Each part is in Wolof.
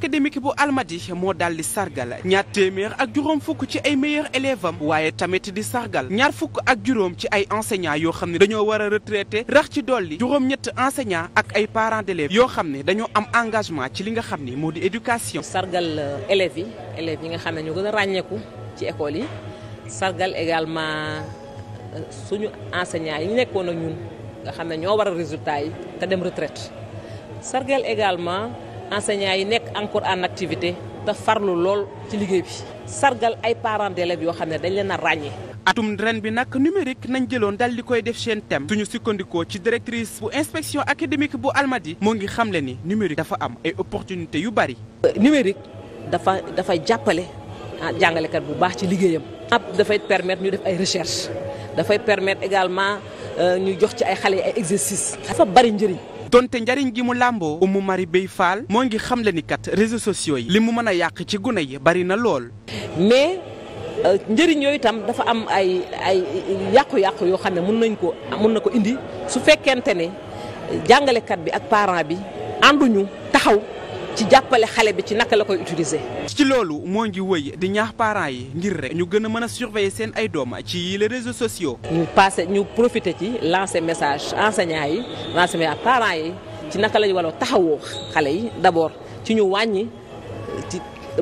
académique bu Almadies moo daal di sargal ñaar téeméer ak juróom fukk ci ay meilleurs élèves am waaye tamit di sargal ñaar fukk ak juróom ci ay enseignants yoo xam ne dañoo war a retraité rax ci dolli juróom-ñett enseignants ak ay parents d'élèves yoo xam ne dañoo am engagement ci li nga xam ne moo di éducation. sargal euh, élèves yi élèves yi nga xam ne ñoo gën a ràññeeku ci école yi sargal également euh, suñu enseignants yi nekkoon ak ñun nga xam ne ñoo war a résultat yi te dem retraite sargal également. enseignants yi nekk encore en activité te farlu lool ci liggéey bi sargal ay parents d'élèves yoo xam ne dañ leen a ràññee. atum ren bi nag numérique nañ jëloon dal di koy def seen thème suñu sukkandikoo ci directrice bu inspection académique bu Almadies moo ngi xamle ni numérique dafa am ay opportunités yu bari. numérique dafa dafa jàppale ah jàngalekat bu baax ci liggéeyam. app dafay permettre ñu def ay recherche dafay permettre également euh, ñu jox ci ay xale ay exercices. dafa bari njëriñ. donte njariñ gi mu làmboo Oumou mari Beye Fall moo ngi xam le ni kat réseaux sociaux yi li mu mën a yàq ci gune yi bari na lool mais euh, njëriñ yooyu itam dafa am ay ay yàqu-yàqu yoo xam ne mun nañ ko mun na ko indi su fekkente ne jàngalekat bi ak parent bi ànduñu taxaw ci jàppale xale bi ci naka la koy utiliser. ci loolu moo ngi wëy di ñaax parents yi ngir rek ñu gën a mën a surveiller seen ay doom a ci yi les réseaux sociaux. ñu passé ñu profité ci lancer message enseignants yi lancer message parents yi ci naka lañu war a taxawoo xale yi d'abord ci ñu wàññi.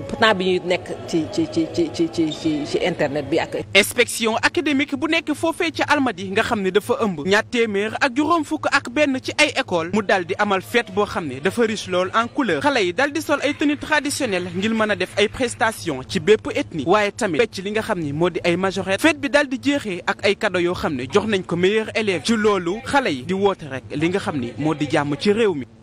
pourtant bi ñuy nekk ci ci ci ci ci ci ci ci internet bi ak. inspection académique bu nekk foofee ca Almadies nga xam ne dafa ëmb. ñaat téeméer ak juróom fukk ak benn ci ay école mu daal di amal fête boo xam ne dafa riche lool en couleur xale yi daal di sol ay tenues traditionnelles ngir mën a def ay prestations ci bépp ethnie waaye tamit fecc li nga xam ni moo di ay majorette fête bi daal di jeexee ak ay cadeaux yoo xam ne jox nañ ko meilleurs élèves ci loolu xale yi di woote rek li nga xam ne moo di jàmm ci réew mi.